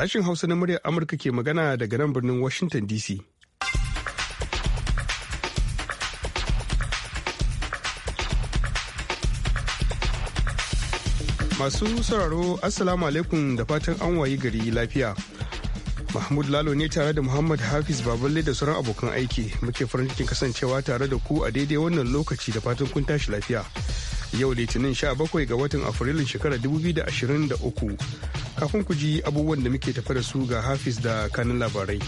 Sashen Hausa na muryar Amurka ke magana daga nan birnin Washington DC. Masu sauraro Assalamu alaikum da fatan an wayi gari lafiya. Mahmud Lalo ne tare da Muhammad Hafiz Baballe da sauran abokan aiki muke farin cikin kasancewa tare da ku a daidai wannan lokaci da fatan kun tashi lafiya. yau litinin 17 ga watan afrilun shekarar 2023 kafin ku ji abubuwan da muke tafa da su ga hafiz da kanin labarai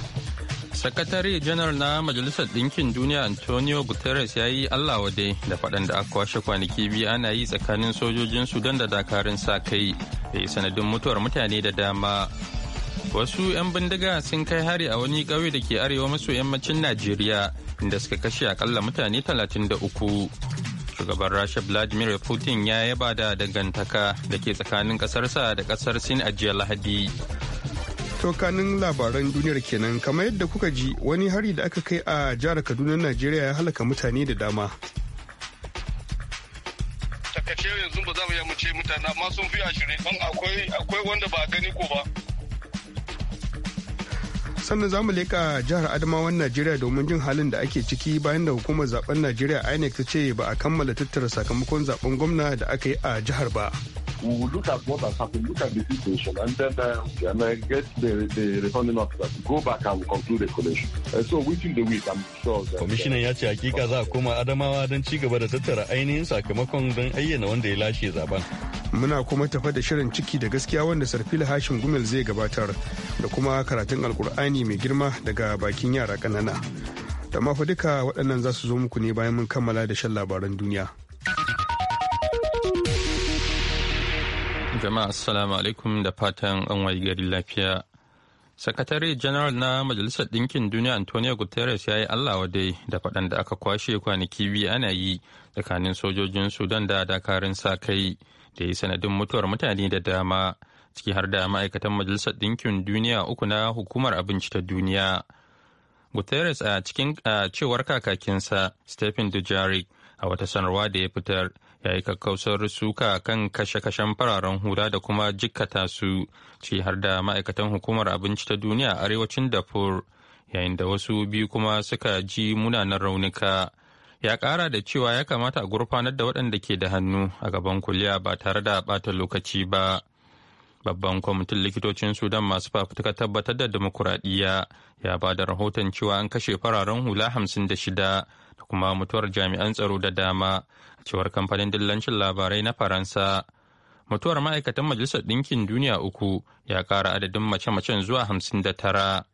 sakatare janar na majalisar ɗinkin duniya antonio guterres ya yi allah wade da faɗan da aka washe kwanaki biyu ana yi tsakanin sojojin sudan da dakarun sa kai da sanadin mutuwar mutane da dama wasu 'yan bindiga sun kai hari a wani kauye da ke arewa maso yammacin najeriya inda suka kashe akalla mutane 33 shugaban rasha vladimir putin ya yaba da dangantaka da ke tsakanin kasarsa da kasar sin a jiya lahadi tokanin labaran duniyar kenan kamar yadda kuka ji wani hari da aka kai a jihar kaduna najeriya ya halaka mutane da dama takashe yanzu ba za mu ce mutane amma sun fi ashirin akwai wanda ba gani ko ba sannan za mu leƙa jihar adamawan najeriya domin jin halin da ake ciki bayan da hukumar zaben najeriya inec ta ce ba a kammala tattara sakamakon zaben gwamna da aka yi a jihar ba we ya ce hakika za a koma Adamawa don ci gaba da tattara ainihin sakamakon don ayyana wanda ya lashe zaben. muna kuma tafa da shirin ciki da gaskiya wanda sarfila hashin gumel zai gabatar da kuma karatun alkur'ani mai girma daga bakin yara kanana da mafa duka waɗannan za su zo muku ne bayan mun kammala da shan labaran duniya jama'a assalamu alaikum da fatan an wayi gari lafiya sakatare general na majalisar ɗinkin duniya antonio guterres ya yi allah dai da faɗan da aka kwashe kwanaki biyu ana yi tsakanin sojojin sudan da dakarun sa kai da yi sanadin mutuwar mutane da dama ciki har da ma'aikatan majalisar ɗinkin duniya uku na hukumar abinci ta duniya guterres a cikin cewar kakakinsa stephen dujaric a wata sanarwa da ya fitar ya yi kakkausar suka kan kashe-kashen fararen hula da kuma jikkata su ciki har da ma'aikatan hukumar abinci ta duniya a arewacin dafur yayin da wasu biyu kuma suka ji munanan raunuka ya kara da cewa ya kamata a gurfanar da waɗanda ke da hannu a gaban kuliya ba tare da bata lokaci ba babban kwamitin likitocin sudan masu fafutuka tabbatar da demokuraɗiyya ya ba da rahoton cewa an kashe fararen hula hamsin da shida da kuma mutuwar jami'an tsaro da dama a cewar kamfanin dillancin labarai na faransa mutuwar ma'aikatan majalisar ɗinkin duniya uku ya ƙara adadin mace-macen zuwa hamsin da tara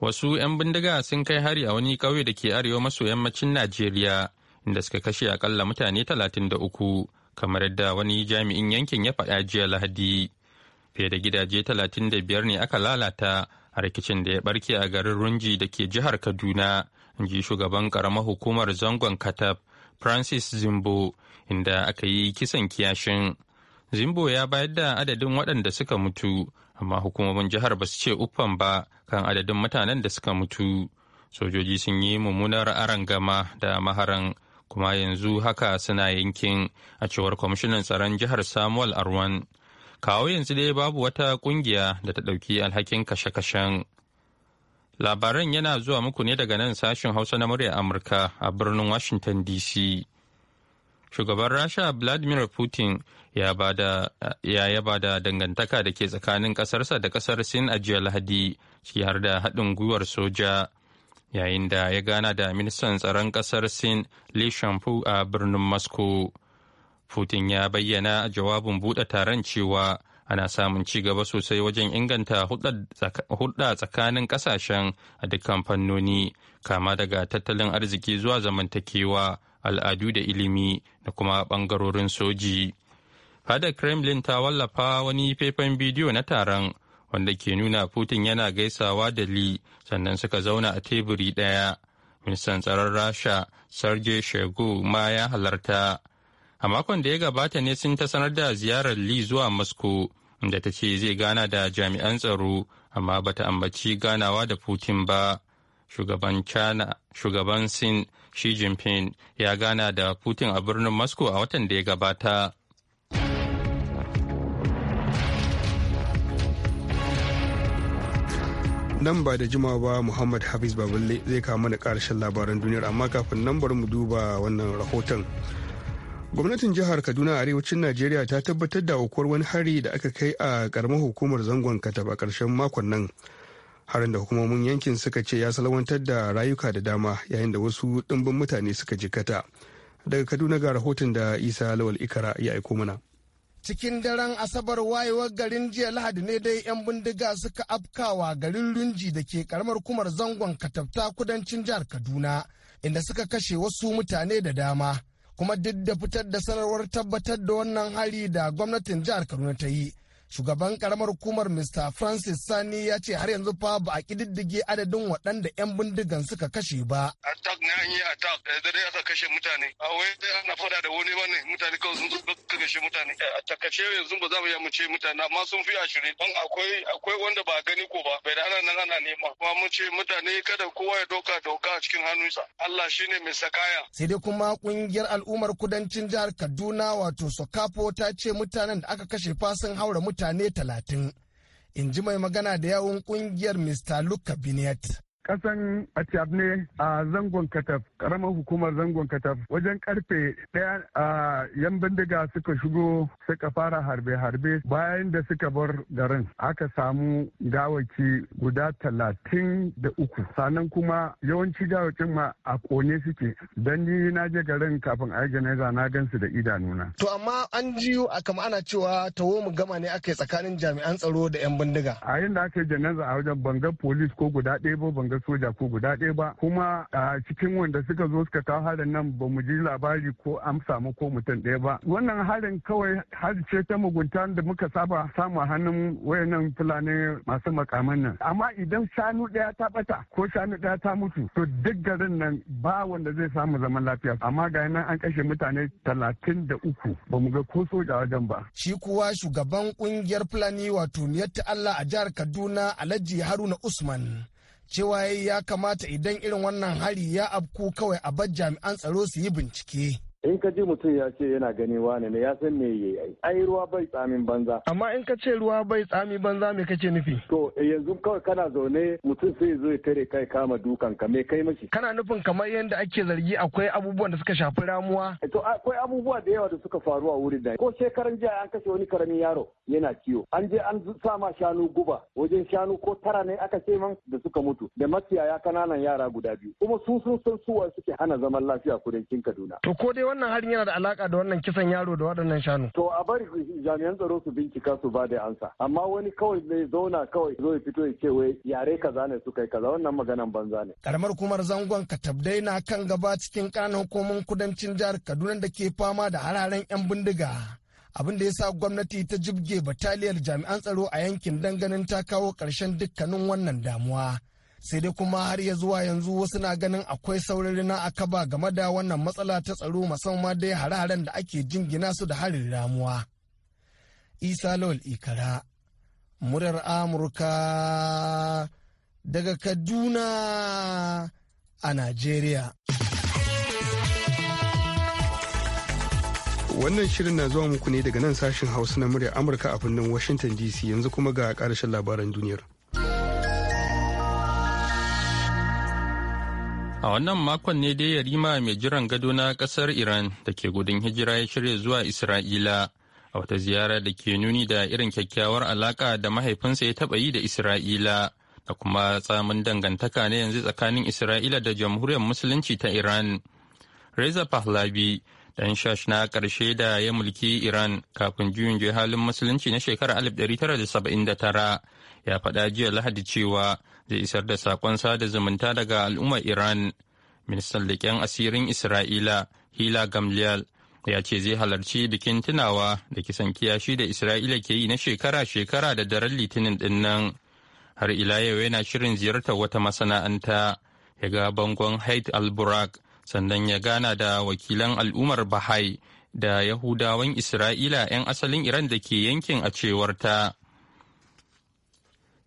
wasu 'yan bindiga sun kai hari a wani ƙauye da ke arewa maso yammacin najeriya inda suka kashe akalla mutane 33 kamar yadda wani jami'in yankin ya faɗa jiya lahadi fiye da gidaje 35 ne aka lalata a rikicin da ya barke a garin runji da ke jihar kaduna in ji shugaban karamar hukumar zangon katab francis zimbo inda aka yi kisan kiyashin zimbo ya bayar da adadin waɗanda suka mutu amma hukumomin jihar ba su ce uffan ba kan adadin mutanen da suka mutu sojoji sun yi mummunar aran gama da maharan kuma yanzu haka suna yankin a cewar kwamishinan tsaron jihar samuel arwan kawo yanzu dai babu wata kungiya da ta ɗauki alhakin kashe-kashen labaran yana zuwa muku ne daga nan sashen hausa na murya amurka a birnin washington dc shugaban rasha vladimir putin ya yaba da dangantaka da ke tsakanin kasarsa da kasar sin a jiya lahadi ciki har da haɗin gwiwar soja yayin da ya gana da ministan tsaron kasar sin li shampu a birnin moscow putin ya bayyana a jawabin buɗe taron cewa ana samun ci gaba sosai wajen inganta hulɗa tsakanin ƙasashen a dukkan fannoni kama daga tattalin arziki zuwa zamantakewa al'adu da ilimi da kuma bangarorin soji. Fadar Kremlin ta wallafa wani faifan bidiyo na taron wanda ke nuna Putin yana gaisawa da Li sannan suka zauna a teburi ɗaya. Ministan tsaron Rasha Sergei Shego ma ya halarta. A makon da ya gabata ne sun ta sanar da ziyarar Li zuwa Moscow inda ta ce zai gana da jami'an tsaro amma bata ambaci ganawa da Putin ba. Shugaban China, shugaban Sin Xi Jinping ya gana da Putin a birnin Moscow a watan da ya gabata. Nan ba da jimawa ba Muhammad Hafiz Baballe zai kama da karshen labaran duniyar amma kafin nan bari mu duba wannan rahoton. Gwamnatin jihar Kaduna arewacin Najeriya ta tabbatar da aukuwar wani hari da aka kai a karamar hukumar zangon Katab a ƙarshen makon nan. harin da hukumomin yankin suka ce ya salwantar da rayuka da dama yayin da wasu ɗimbin mutane suka jikkata daga kaduna ga rahoton da isa lawal ikara ya aiko mana cikin daren asabar wayewar garin jiya lahadi ne dai 'yan bindiga suka afkawa garin lunji da ke karamar kumar zangon katafta kudancin jihar kaduna inda suka kashe wasu mutane da dama kuma duk da fitar da sanarwar tabbatar da wannan hari da gwamnatin jihar kaduna ta yi shugaban karamar hukumar mr francis sani ya ce har yanzu fa ba a kididdige adadin waɗanda 'yan bindigan suka kashe ba attack ne an yi attack eh, da dai aka kashe mutane a wai ana fada da wani bane mutane kawai sun ka kashe mutane eh, a takace yanzu ba za mu yamu ce mutane amma sun fi ashirin don akwai akwai wanda ba gani ko ba bai da ana nan ana nema kuma mun ce mutane kada kowa ya doka doka a cikin hannunsa Allah shine mai sakaya sai dai kuma kungiyar al'ummar kudancin jihar Kaduna wato Sokapo ta ce mutanen da aka kashe fa sun haura mutane mutane talatin. in ji mai magana da yawun kungiyar Mr. Luka Binet. kasan atiyab ne a zangon kataf karamar hukumar zangon kataf wajen karfe daya a yan bindiga suka shigo suka fara harbe-harbe bayan da suka bar garin aka samu gawaki guda talatin da uku sannan kuma yawanci gawakin ma a kone suke don ni na je garin kafin a janaza na gansu da idanuna. to amma an jiyo a kama ana cewa tawo mu gama ne aka yi tsakanin jami'an tsaro da yan bindiga a yin da aka yi janaza a wajen banga polis ko guda ɗaya ba banga soja ko guda ɗaya ba kuma a cikin wanda suka zo suka kawo harin nan ba mu ji labari ko an samu ko mutum ɗaya ba wannan harin kawai har ce ta mugunta da muka saba samu hannun wayannan fulani masu makaman nan amma idan shanu ɗaya ta bata ko shanu ɗaya ta mutu to duk garin nan ba wanda zai samu zaman lafiya amma ga nan an kashe mutane talatin da uku ba mu ga ko soja wajen ba. Shi kuwa shugaban kungiyar Fulani wato Niyatta Allah a jihar Kaduna Alhaji Haruna Usman cewa ya kamata idan irin wannan hari ya afku kawai a bar jami'an tsaro su yi bincike in ka ji mutum ya ce yana gani wane ne ya san me ya yi ai ruwa bai tsamin banza amma in ka ce ruwa bai tsami banza me kake nufi to eh, yanzu kawai kana zaune mutum sai zo ya tare kai kama dukan ka me kai mashi kana nufin kamar yadda ake zargi akwai abubuwan da suka shafi ramuwa eh, to akwai abubuwa da yawa da suka faru a wurin da ko shekaran jiya an kashe wani karamin yaro yana kiwo an je an sa ma shanu guba wajen shanu ko tara ne aka ce man da suka mutu da maciyaya kananan yara guda biyu kuma su sun san suwa suke hana zaman lafiya kudancin Kaduna to ko dai wannan harin yana da alaka da wannan kisan yaro da waɗannan shanu. To a bari jami'an tsaro su bincika su ba da ansa. Amma wani kawai zai zauna kawai zo ya fito ya ce wai yare kaza ne su kai kaza wannan maganan banza ne. Karamar kumar zangon Katabdai na kan gaba cikin kanan hukumin kudancin jihar Kaduna da ke fama da hararen 'yan bindiga. abin da ya sa gwamnati ta jibge bataliyar jami'an tsaro a yankin ganin ta kawo ƙarshen dukkanin wannan damuwa. sai dai kuma har ya zuwa yanzu wasu na ganin akwai saurari na akaba game da wannan matsala ta tsaro musamman dai hare-haren da ake jingina su da harin ramuwa. Isa Lawal Ikara, murar Amurka daga Kaduna a Najeriya. Wannan shirin na zuwa muku ne daga nan sashen Hausa na muryar Amurka a birnin Washington DC yanzu kuma ga ƙarshen labaran duniyar. A wannan makon ne dai yarima mai jiran gado na kasar Iran da ke gudun hijira ya shirya zuwa Isra'ila a wata ziyara da ke nuni da irin kyakkyawar alaka da mahaifinsa ya taɓa yi da Isra'ila da kuma tsamin dangantaka na yanzu tsakanin Isra'ila da jamhuriyar musulunci ta Iran. Reza Pahlavi dan shash na ƙarshe da ya mulki Iran kafin juyin halin musulunci na shekarar 1979 ya faɗa jiya lahadi cewa zai isar da saƙon sada zumunta daga al'ummar iran ministan leƙen asirin isra'ila hila gamliel ya ce zai halarci bikin tunawa da kisan kiyashi da isra'ila ke yi na shekara-shekara da daren litinin ɗin har ila yau yana shirin ziyartar wata masana'anta ya ga bangon haid al-burak sannan ya gana da wakilan al'ummar bahai da yahudawan isra'ila 'yan asalin iran da ke yankin a cewarta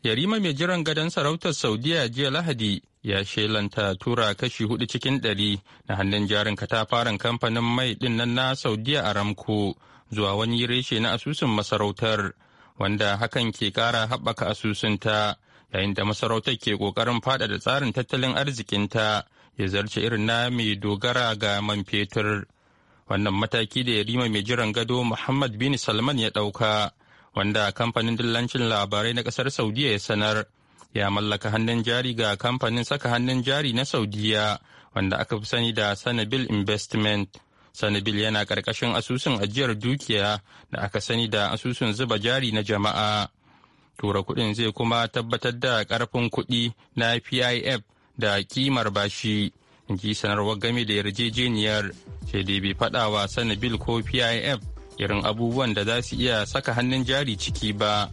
Yarima mai jiran gadon sarautar Saudiya jiya Lahadi ya shelanta tura kashi hudu cikin ɗari na hannun jarin katafaren kamfanin mai ɗin nan na Saudiya Aramco zuwa wani reshe na asusun masarautar wanda hakan ke kara haɓaka asusunta yayin da masarautar ke ƙoƙarin faɗaɗa tsarin tattalin arzikinta ya zarce irin na mai dogara ga man fetur. Wannan mataki da Yarima mai jiran gado Muhammad bin Salman ya ɗauka. wanda kamfanin dillancin labarai na kasar saudiya ya sanar ya mallaka hannun jari ga kamfanin saka hannun jari na saudiya wanda aka fi sani da sanabil investment sanabil yana karkashin asusun ajiyar dukiya da aka sani da asusun zuba jari na jama'a tura kuɗin zai kuma tabbatar da karfin kuɗi na pif da kimar bashi in ji sanarwar game da yarjejeniyar sai dai bai fada wa sanabil ko pif irin abubuwan da za su iya saka hannun jari ciki ba.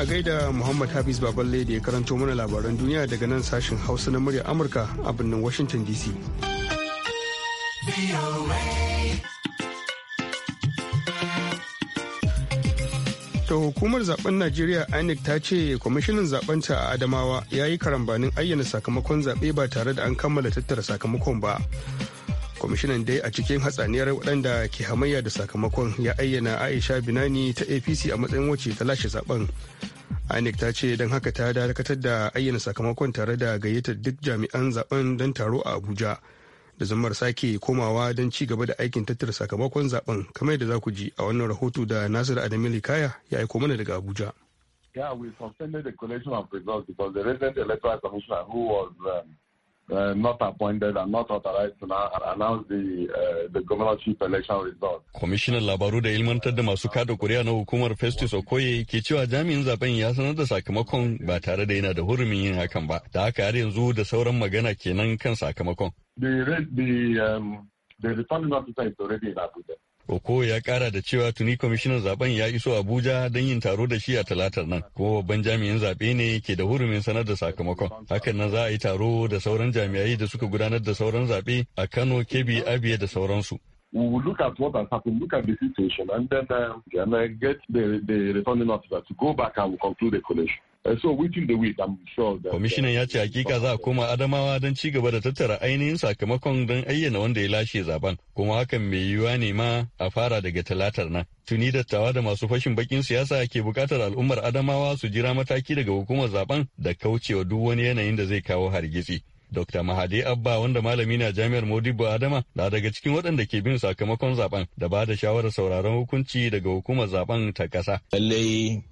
a gaida Muhammad Hafiz Baballe da ya karanto mana labaran duniya daga nan sashen Hausa na murya Amurka a birnin Washington DC. To hukumar zaben Najeriya INEC ta ce kwamishinan zabenta a Adamawa ya yi karambanin ayyana sakamakon zaɓe ba tare da an kammala tattara sakamakon ba. Kwamishinan dai a cikin hatsaniyar waɗanda ke hamayya da sakamakon ya ayyana Aisha Binani ta APC a matsayin wacce ta lashe zaben. INEC ta ce don haka ta dakatar da ayyana sakamakon tare da gayyatar duk jami'an zaben don taro a Abuja. da zammar sake komawa don ci gaba da aikin tattara sakamakon zaben kamar yadda za ku ji a wannan rahoto da nasir adamili kaya ya aiko mana daga abuja Yeah, we suspended the collection of results because the recent electoral commissioner who was um, Uh, not appointed and not authorized to announce the, uh, the governorship election results. Commissioner labaru da ilmantar da masu kada kuri'a na hukumar Festus Okoye ke cewa jami'in zaben ya sanar da sakamakon ba tare da yana da hurumin yin hakan ba. Da haka har yanzu da sauran magana kenan kan sakamakon. The, the, um, the returning officer is already in Abuja. Oko ya kara da cewa tuni kwamishinan zaben ya iso Abuja don yin taro da shi a talatar nan, kuma babban jami'in zaɓe ne ke da hurumin sanar da sakamakon. Hakan nan za a yi taro da sauran jami'ai da suka gudanar da sauran zaɓe a Kano, Kebbi, Abia da sauransu. we will look at what has happened, look at the situation, and then uh, and, uh, get the, the returning officer to go back and conclude the collation. Uh, so within the week I'm sure Kwamishinan ya ce hakika za a koma Adamawa don ci gaba da tattara ainihin sakamakon don ayyana wanda ya lashe zaben kuma hakan mai yiwuwa ne ma a fara daga talatar nan. Tuni dattawa da masu fashin bakin siyasa ke bukatar al'ummar Adamawa su jira mataki daga hukumar zaben da kaucewa duk wani yanayin da zai kawo hargitsi. Dr. Mahadi Abba wanda malami na jami'ar Modibo Adama na daga cikin waɗanda ke bin sakamakon zaben da ba da shawarar sauraron hukunci daga hukumar zaben ta ƙasa. Lallai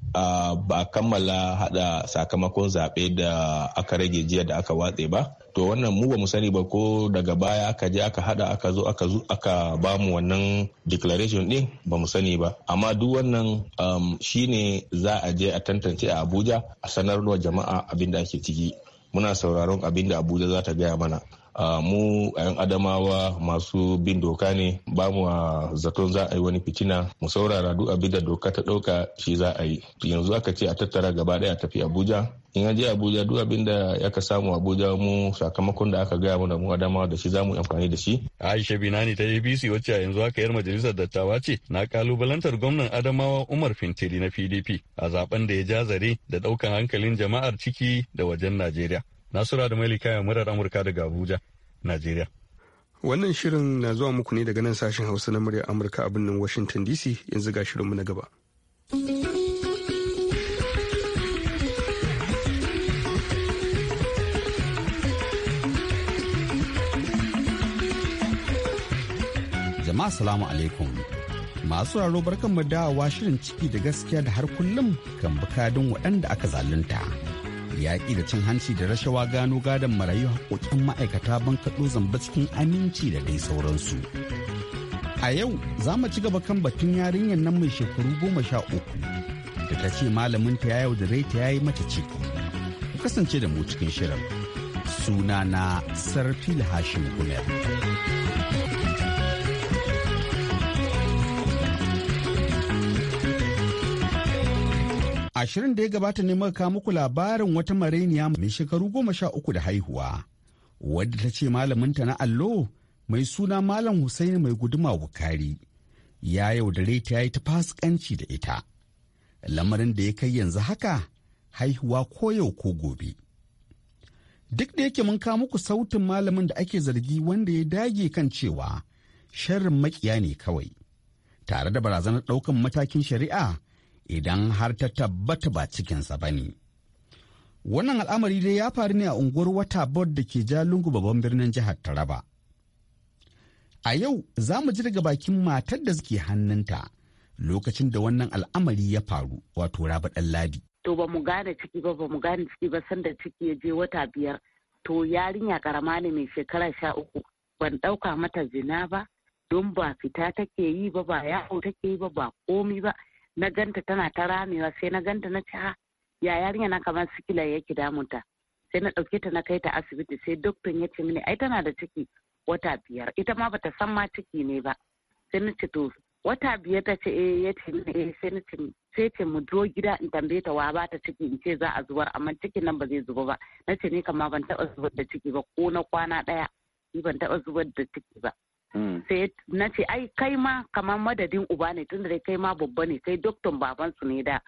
ba kammala haɗa sakamakon zaɓe da aka rage jiya da aka watse ba. To wannan mu ba mu sani ba ko daga baya aka je aka haɗa aka zo aka zo aka ba mu wannan declaration din ba mu sani ba. Amma duk wannan um, shine za a je a tantance a Abuja a sanarwa jama'a abin da ake ciki. muna sauraron abin da abuja za ta gaya mana mu a 'yan adamawa masu bin doka ne ba mu a zaton za a yi wani fitina mu saurara duk abin da doka ta ɗauka shi za a yi yanzu aka ce a tattara gaba ɗaya tafi abuja in aje abuja duk abin da ka samu abuja mu sakamakon da aka gaya mana mu adama da shi zamu amfani da shi aisha binani ta abc wacce a yanzu haka yar majalisar dattawa ce na kalubalantar gwamnan adamawa umar fintiri na pdp a zaben da ya ja zare da daukan hankalin jama'ar ciki da wajen najeriya nasura da mai kaya murar amurka daga abuja najeriya wannan shirin na zuwa muku ne daga nan sashen hausa na murya amurka a birnin washington dc yanzu ga shirinmu na gaba. jama'a salamu alaikum masu raro barkan mu dawowa shirin ciki da gaskiya da har kullum kan bukadin waɗanda aka zalunta yaƙi da cin hanci da rashawa gano gadon marayu haƙoƙin ma'aikata ban kaɗo zamba cikin aminci da dai sauransu a yau za mu ci gaba kan batun yarinyar nan mai shekaru goma sha uku da ta ce malamin malaminta ya yaudare ta ya yi mata ciki ku kasance da mu cikin shirin suna na sarfil hashim gumel Ashirin da ya gabata ne muka kawo muku labarin wata mareniya mai shekaru goma sha uku da haihuwa, wadda ta ce malaminta na allo mai suna Malam Hussaini mai guduma wukari. Ya yaudare ta yi ta fasikanci da ita. Lamarin da ya kai yanzu haka haihuwa ko yau ko gobe. Duk da yake mun kawo muku sautin malamin da ake zargi wanda ya dage kan cewa sharrin makiya ne kawai. Tare da barazanar ɗaukan matakin shari'a idan har ta tabbata ba cikinsa ba ne. Wannan al'amari dai ya faru ne a unguwar wata bod da ke Jalingu babban birnin jihar Taraba. A yau za mu ji daga bakin matar da suke hannunta lokacin da wannan al'amari ya faru wato ɗan Ladi. To ba mu gane ciki ba ba mu gane ciki ba sanda ciki ya je wata biyar to yarinya karama ne mai shekara sha uku ban ɗauka mata zina ba don ba fita take yi ba ba yawo take yi ba ba komi ba na ganta tana ta ramewa sai na ganta na ce ah, ya yarinya na kamar sikila yake damunta sai na ɗauke ta na kai ta asibiti sai doktan ya ce mini ai tana da ciki wata biyar ita ma bata san ma ciki ne ba sai na ce to wata biyar ta ce eh ya ce mini eh sai na ce sai ce mu zo gida in tambaye ta wa ba ta ciki in ce za a zubar amma cikin nan ba zai zuba ba na ce ni kama ban taɓa zubar da ciki ba ko na kwana ɗaya ni ban taɓa zubar da ciki ba Mm. sai na ce ai kai ma kamar madadin uba ne tun da kai ma babba ne kai doktan babansu ne da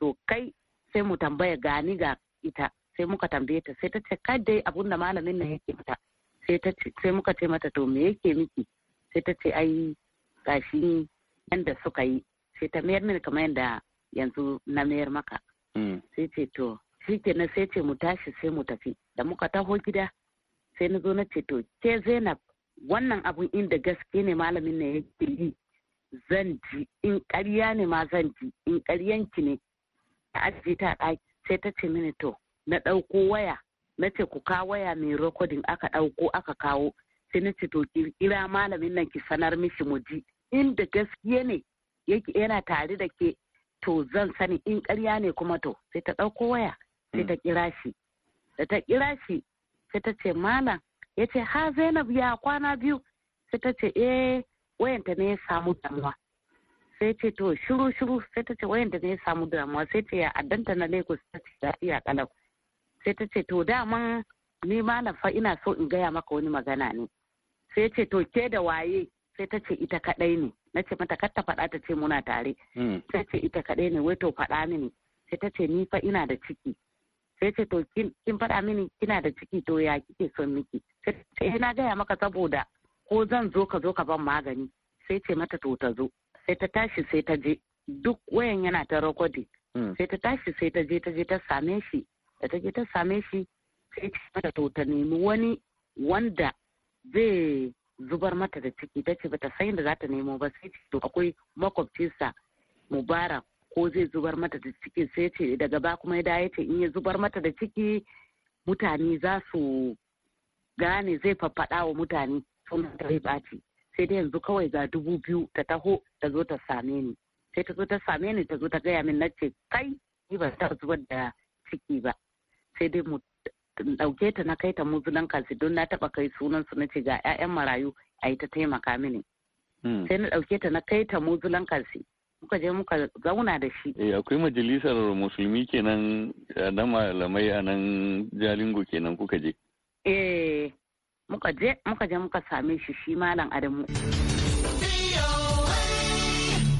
to kai sai mu tambaya gani ga ita sai muka tambaye ta sai ta ce kai dai abun da malamin nan yake mata sai ta ce sai muka ce mata to me yake miki sai ta ce ai gashi yanda suka yi sai ta mayar mini kamar yanda yanzu na mayar maka mm. sai ce to shi kenan sai ce mu tashi sai mu tafi da muka taho gida sai na zo na ce to ke Zainab wannan abun inda gaske ne malamin na yake yi zan ji in ƙarya ne ma zan ji in ƙaryanki ne ta ajiye ta ɗaki sai ta ce mini to na ɗauko waya na ce ku kawo waya mai rikodin aka ɗauko aka kawo sai na ce to kira malamin nan ki sanar mishi mu ji inda gaske ne yake yana tare da ke to zan sani in karya ne kuma to sai ta ɗauko waya sai ta mm. kira shi da ta kira shi sai ta ce malam ya ce ha zainab ya kwana biyu sai ta ce eh wayanta ne ya samu damuwa sai ce to shiru shiru sai ta ce wayanta ne ya samu damuwa sai ce ya addanta na lagos ta ce iya kalau sai ta ce to daman ni malam fa ina so in gaya maka wani magana ne sai ce to ke da waye sai ta ce ita kadai ne na ce mata kar ta faɗa ta ce muna tare hmm. sai ce ita kadai ne wai to faɗa mini sai ta ce ni fa ina da ciki sai ce to kin faɗa mini kina da ciki to ya kike son miki sai na gaya maka saboda ko zan zo ka zo ka ban magani sai ce mata to ta zo sai ta tashi sai ta je duk wayan yana ta rakwadi hmm. sai ta tashi sai ta je ta je ta same shi da ta je ta same shi sai ce mata to ta nemi wani wanda zai zubar mata da ciki ta ce bata san da za ta nemo ba sai ce to akwai makwabcinsa mubarak ko zai zubar mata da ciki sai ce daga ba kuma ya ce in ya zubar mata da ciki mutane za su gane zai faffaɗa wa mutane suna ta zai ɓaci sai dai yanzu kawai ga dubu biyu ta taho ta zo ta same ni sai ta zo ta same ni ta zo ta gaya min na ce kai ni ba ta zubar da ciki ba sai dai mu ɗauke ta na kai ta muzulan kalsi don na taɓa kai sunan su na ce ga 'ya'yan marayu a yi ta taimaka mini hmm. sai na ɗauke ta na kai ta muzulan kalsi muka je muka zauna da shi. Eh akwai majalisar musulmi kenan eh, na malamai a nan Jalingo kenan kuka je. eh muka je muka je muka same shi shi malam adamu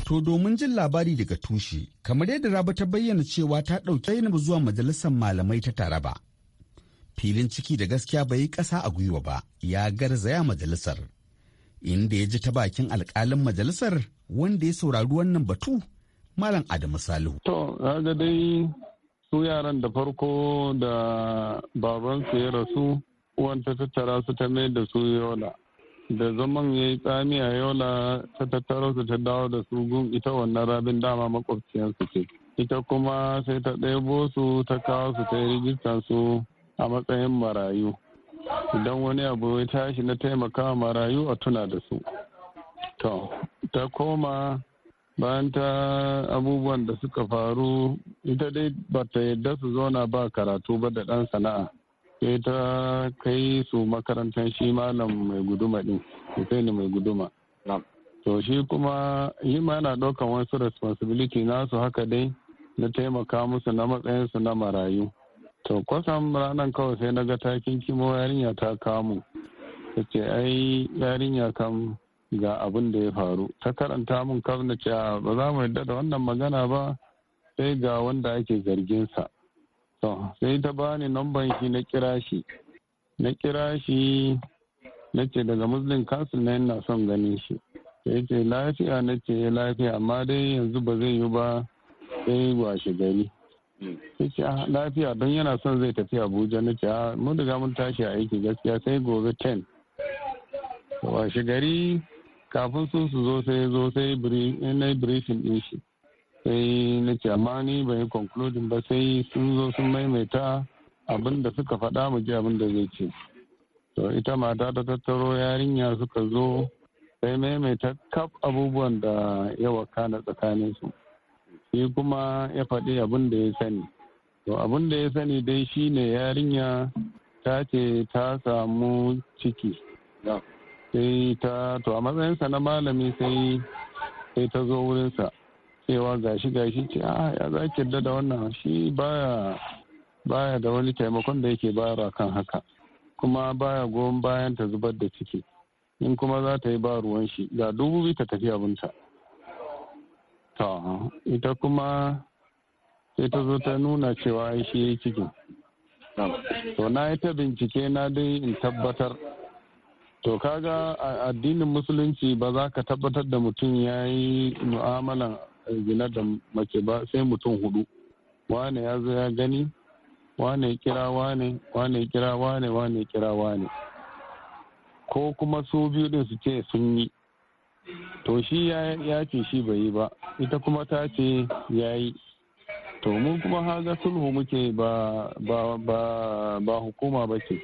To domin jin labari daga tushe, kamar yadda Raba ta bayyana cewa ta ɗauki Zainab zuwa majalisar malamai ta Taraba. Filin ciki da gaskiya bai yi ƙasa a gwiwa ba, ya garzaya majalisar. Inda ya ji ta bakin alƙalin majalisar wanda ya saurari wannan batu, Malam Adamu Salihu. To, ga dai su yaran da farko da babansu ya rasu uwan ta tattara su ta mai da su yola da zaman ya yi tsami a yola ta tattara su ta dawo da su gun ita wannan rabin dama makwabciyarsu ce ita kuma sai ta ɗebo su ta kawo su ta yi rijistan su a matsayin marayu idan wani abu ya tashi na taimaka marayu a tuna da su to ta koma bayan ta abubuwan da suka faru ita dai ba ta yadda su zauna ba karatu ba da ɗan sana'a sai ta kai su makarantar shi malam mai guduma din Hussaini mai guduma to shi kuma yi ma yana ɗaukan wasu responsibility nasu haka dai na taimaka musu na matsayinsu na marayu to kwasan ranar kawai sai na ga takin kimo yarinya ta kamu ta ce ai yarinya kam ga abin da ya faru ta karanta mun kam na ce ba za mu yarda da wannan magana ba sai ga wanda ake zargin sa to sai ta bani namban shi na kira shi na kira shi na ce daga muslim council na yana son ganin shi sai ce lafiya na ce lafiya amma dai yanzu ba zai yi ba sai washe gari sai ce ah, lafiya don yana son zai tafi abuja na ce ah, mun riga mun tashi a aiki gaskiya sai gobe 10 washe gari kafin sun su zo sai zo sai na briefing din shi sai na ce amma ni ban yi concluding ba sai sun zo sun maimaita abin da suka faɗa mu ji abin da zai ce to ita mata ta tattaro yarinya suka zo sai maimaita kaf abubuwan da ya wakana tsakanin su shi kuma ya faɗi abin da ya sani to abin da ya sani dai shine yarinya ta ce ta samu ciki sai ta to a matsayinsa na malami sai sai ta zo wurinsa cewa gashi gashi ce a ya za ki da wannan shi baya baya da wani taimakon da yake bayarwa kan haka kuma baya goyon bayan ta zubar da ciki in kuma za ta yi ba ruwan shi ga dubu biyu ta tafi abinta ta. ita kuma sai ta zo ta nuna cewa ai shi ya yi cikin to na yi ta bincike na dai in tabbatar to kaga addinin musulunci ba za ka tabbatar da mutum ya yi mu'amalan zina da mace ba sai mutum hudu wane ya zo ya gani wane kira wane wane kira wane wane kira wane ko kuma su biyu din su ce sun yi to shi ya ce shi bai yi ba ita kuma ta ce ya yi to mun kuma haga sulhu muke ba ba ba ba hukuma ba ce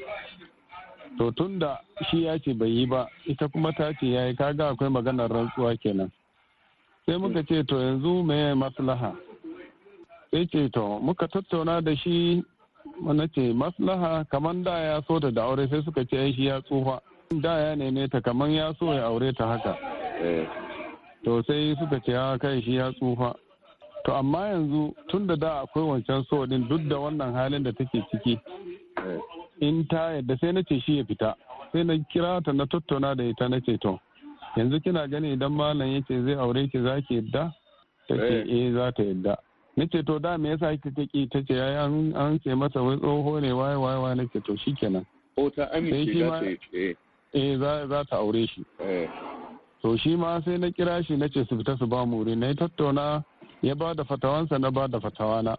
to tunda shi ya ce bai yi ba ita kuma ta ce ya yi kaga akwai maganar rantsuwa kenan sai muka ce to yanzu meye maslaha sai ce to muka tattauna da shi na ce maslaha kamar da ya so da aure sai suka ce shi ya tsufa da ya neme ta kamar ya so ya aure ta haka to sai suka ce ya ah, kai shi ya tsufa to amma yanzu tun da da akwai wancan so din duk da wannan halin da take ciki in ta yadda sai na ce shi ya fita sai na kira ta na tattauna da ita na ce to yanzu kina gani idan malam yake zai aure ki za ki yadda ta ce eh. eh za ta yadda na ce to da me yasa ta ki ta ce yayi an ce masa wai tsoho ne waye waye waye na ke to shikenan ko ta amince za ta yi eh, eh za ta aure shi eh. to shi ma sai na kira shi na ce su fita su ba wuri na tattauna ya ba da fatawansa na ba da fatawana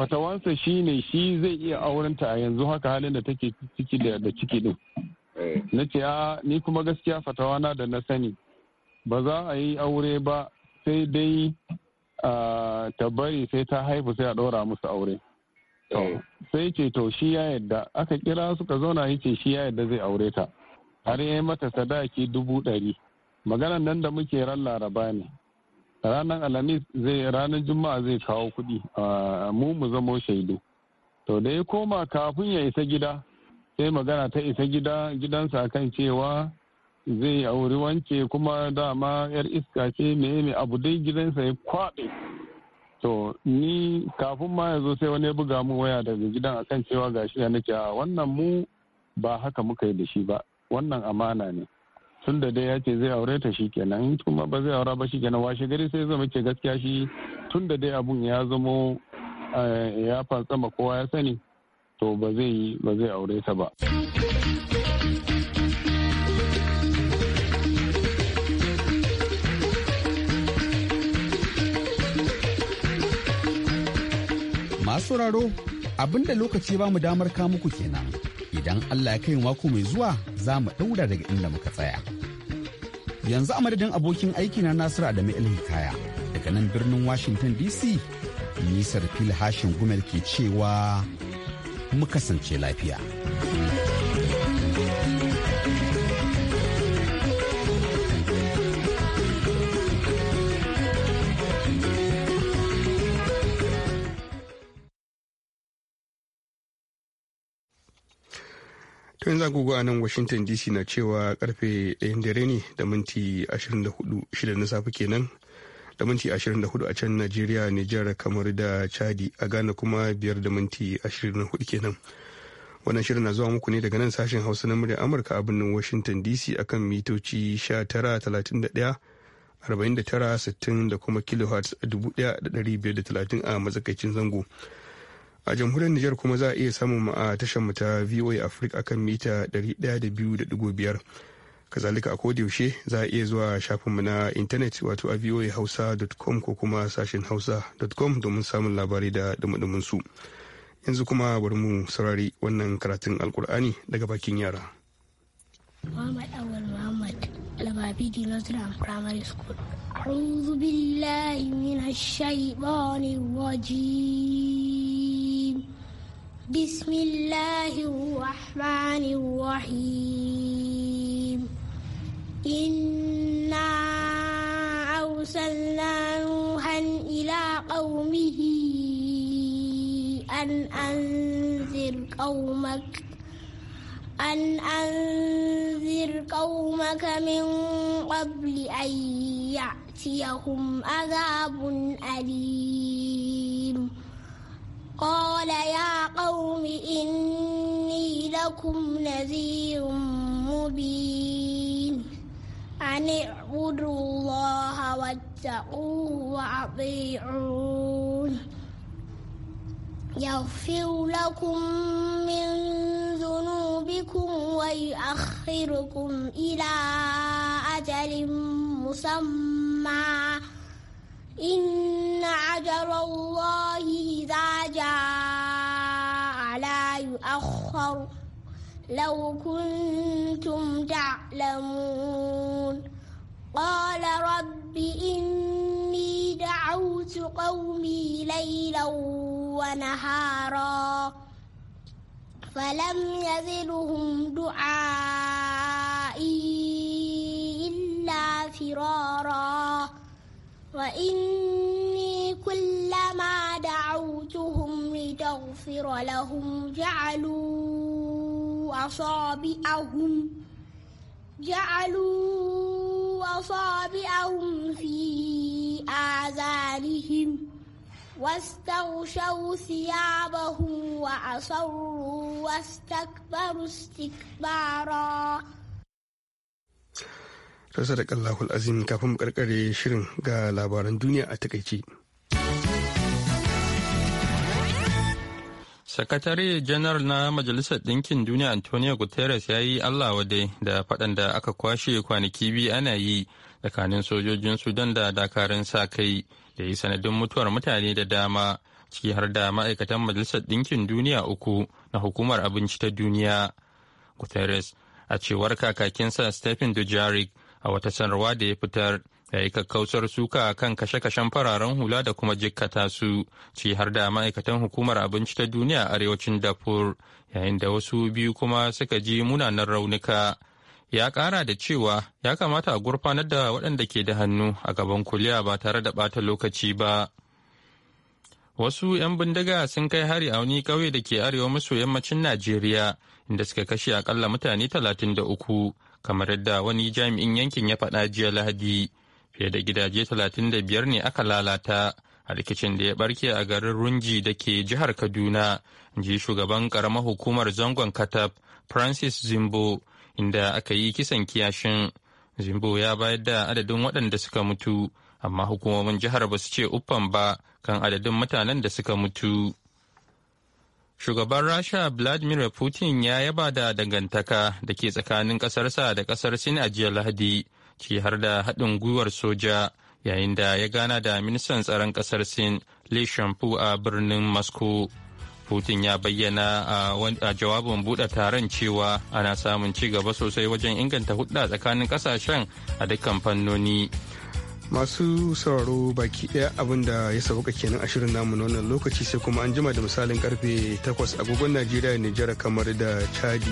fatawansa shi ne shi zai iya aurenta a yanzu haka halin da take ciki da ciki din Eh. na ce ah, ni kuma gaskiya fatawa na da na sani ba za a yi aure ba sai dai ta bari sai ta haifu sai a ɗora musu aure eh. sai ce to shi ya yadda aka kira suka zauna yi ce shi ya yadda zai aure ta har yi mata sadaki dubu ɗari maganan nan da muke ran laraba ne ranar alhamis zai ranar juma'a zai kawo kuɗi mu mu zamo shaidu to da ya koma kafin ya isa gida sai magana ta isa gida gidansa kan cewa zai auri wance kuma dama yar iska ce mai mai abu dai gidansa ya kwaɓe to ni kafin ma yazo sai wani ya buga mu waya daga gidan akan cewa gashi ya nake a wannan mu ba haka muka yi da shi ba wannan amana ne tun da dai ya ce zai aure ta shi kenan kuma ba zai aura ba shi kenan washe gari sai zama ce gaskiya shi tun da dai abun ya zamo eh, ya fatsama kowa ya sani to ba zai yi ba zai aure ta ba masu raro abinda lokaci ba mu damar muku kenan idan allah ya kai mako mai zuwa za mu ɗaura daga inda muka tsaya yanzu a madadin abokin aiki na nasiru adamu kaya daga nan birnin washington dc nisar fil hashin gumel ke cewa mu kasance lafiya. tun zagogo a nan washington dc na cewa karfe 1 dare ne da minti 24 shida na safe kenan da minti 24 a can Najeriya, Nijar, kamar da Chadi a Ghana kuma biyar da minti 24 kenan. Wannan shirin na zuwa muku ne daga nan sashen Hausa na muryar Amurka a birnin Washington DC akan mitoci 1931 da kuma kilohertz 1530 a matsakaicin zango. A jamhuriyar Nijar kuma za a iya samun a tashar mu ta VOA Africa akan mita 102.5 kazalika a yaushe za a iya zuwa shafin mu na intanet wato a voahausa.com ko kuma sashen hausa.com domin samun labari da dumudumin su yanzu kuma bari mu saurari wannan karatun alkur'ani daga bakin yara Muhammad Awal Muhammad Primary School بسم الله الرحمن الرحيم إنا أرسلنا نوحا إلى قومه أن أنذر قومك أن أنذر قومك من قبل أن يأتيهم عذاب أليم قال يا قوم إني لكم نذير مبين أن اعبدوا الله واتقوه وأطيعون يغفر لكم من ذنوبكم ويؤخركم إلى أجل مسمى إن أجل الله إذا جاء لا يؤخر لو كنتم تعلمون قال رب إني دعوت قومي ليلا ونهارا فلم يزلهم دعائي إلا فرارا وإني كلما دعوتهم لتغفر لهم جعلوا أصابعهم جعلوا أصابعهم في آذانهم واستغشوا ثيابهم وأصروا واستكبروا استكبارا Rasa da Allahul Azim kafin ƙarƙare shirin ga labaran duniya a taƙaice. sakatare janar na majalisar ɗinkin duniya antonio guterres ya yi allah dai da faɗan da aka kwashe kwanaki biyu ana yi tsakanin sojojin sudan da dakarun sa kai da yi sanadin mutuwar mutane da dama ciki har da ma'aikatan majalisar ɗinkin duniya uku na hukumar abinci ta duniya guterres a cewar kakakin sa stephen dujarric a wata sanarwa da ya fitar ya yi kakkausar suka kan kashe-kashen fararen hula da kuma jikkata su ci har da ma'aikatan hukumar abinci ta duniya a arewacin dafur yayin da wasu biyu kuma suka ji munanan raunuka ya kara da cewa ya kamata a gurfanar da waɗanda ke da hannu a gaban kuliya ba tare da bata lokaci ba wasu 'yan bindiga sun kai hari a wani ƙauye da ke arewa maso yammacin najeriya inda suka kashe akalla mutane 33 kamar yadda wani jami'in yankin ya faɗa jiya lahadi fiye da gidaje 35 ne aka lalata a rikicin da ya barke a garin runji da ke jihar kaduna ji shugaban karamar hukumar zangon katab francis zimbo inda aka yi kisan kiyashin zimbo ya bayar da adadin waɗanda suka mutu amma hukumomin jihar ba su ce uffan ba kan adadin mutanen da suka mutu shugaban rasha vladimir putin ya yaba da dangantaka da ke tsakanin ƙasarsa da ƙasar sin a jiya lahadi ciki har da haɗin gwiwar soja yayin da ya gana da ministan tsaron ƙasar sin le shampu a birnin moscow putin ya bayyana a jawabin buɗe taron cewa ana samun ci gaba sosai wajen inganta hudda tsakanin ƙasashen a dukkan fannoni. masu sauraro baki daya abin da ya sauka kenan a shirin namu na wannan lokaci sai kuma an jima da misalin karfe 8 agogon najeriya nijar kamar da chadi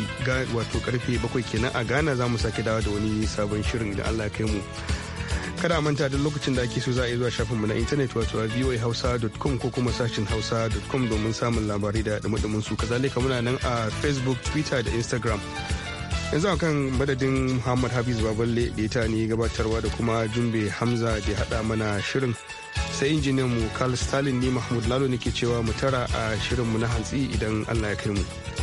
wato karfe 7 kenan a ghana za mu sake dawa da wani sabon shirin idan allah kai mu kada a manta duk lokacin da ake so za a yi zuwa shafinmu na intanet wato a voahausa.com ko kuma sashin hausa.com domin samun labarai da dumudumin su kazalika muna nan a facebook twitter da instagram yanzu kan madadin muhammad hafiz baballe da ita ne gabatarwa da kuma jumbe hamza da hada mana shirin sai injiniyan mu carl stalin ne mahmud lalo nake cewa mu tara a shirinmu na hantsi idan allah ya kai mu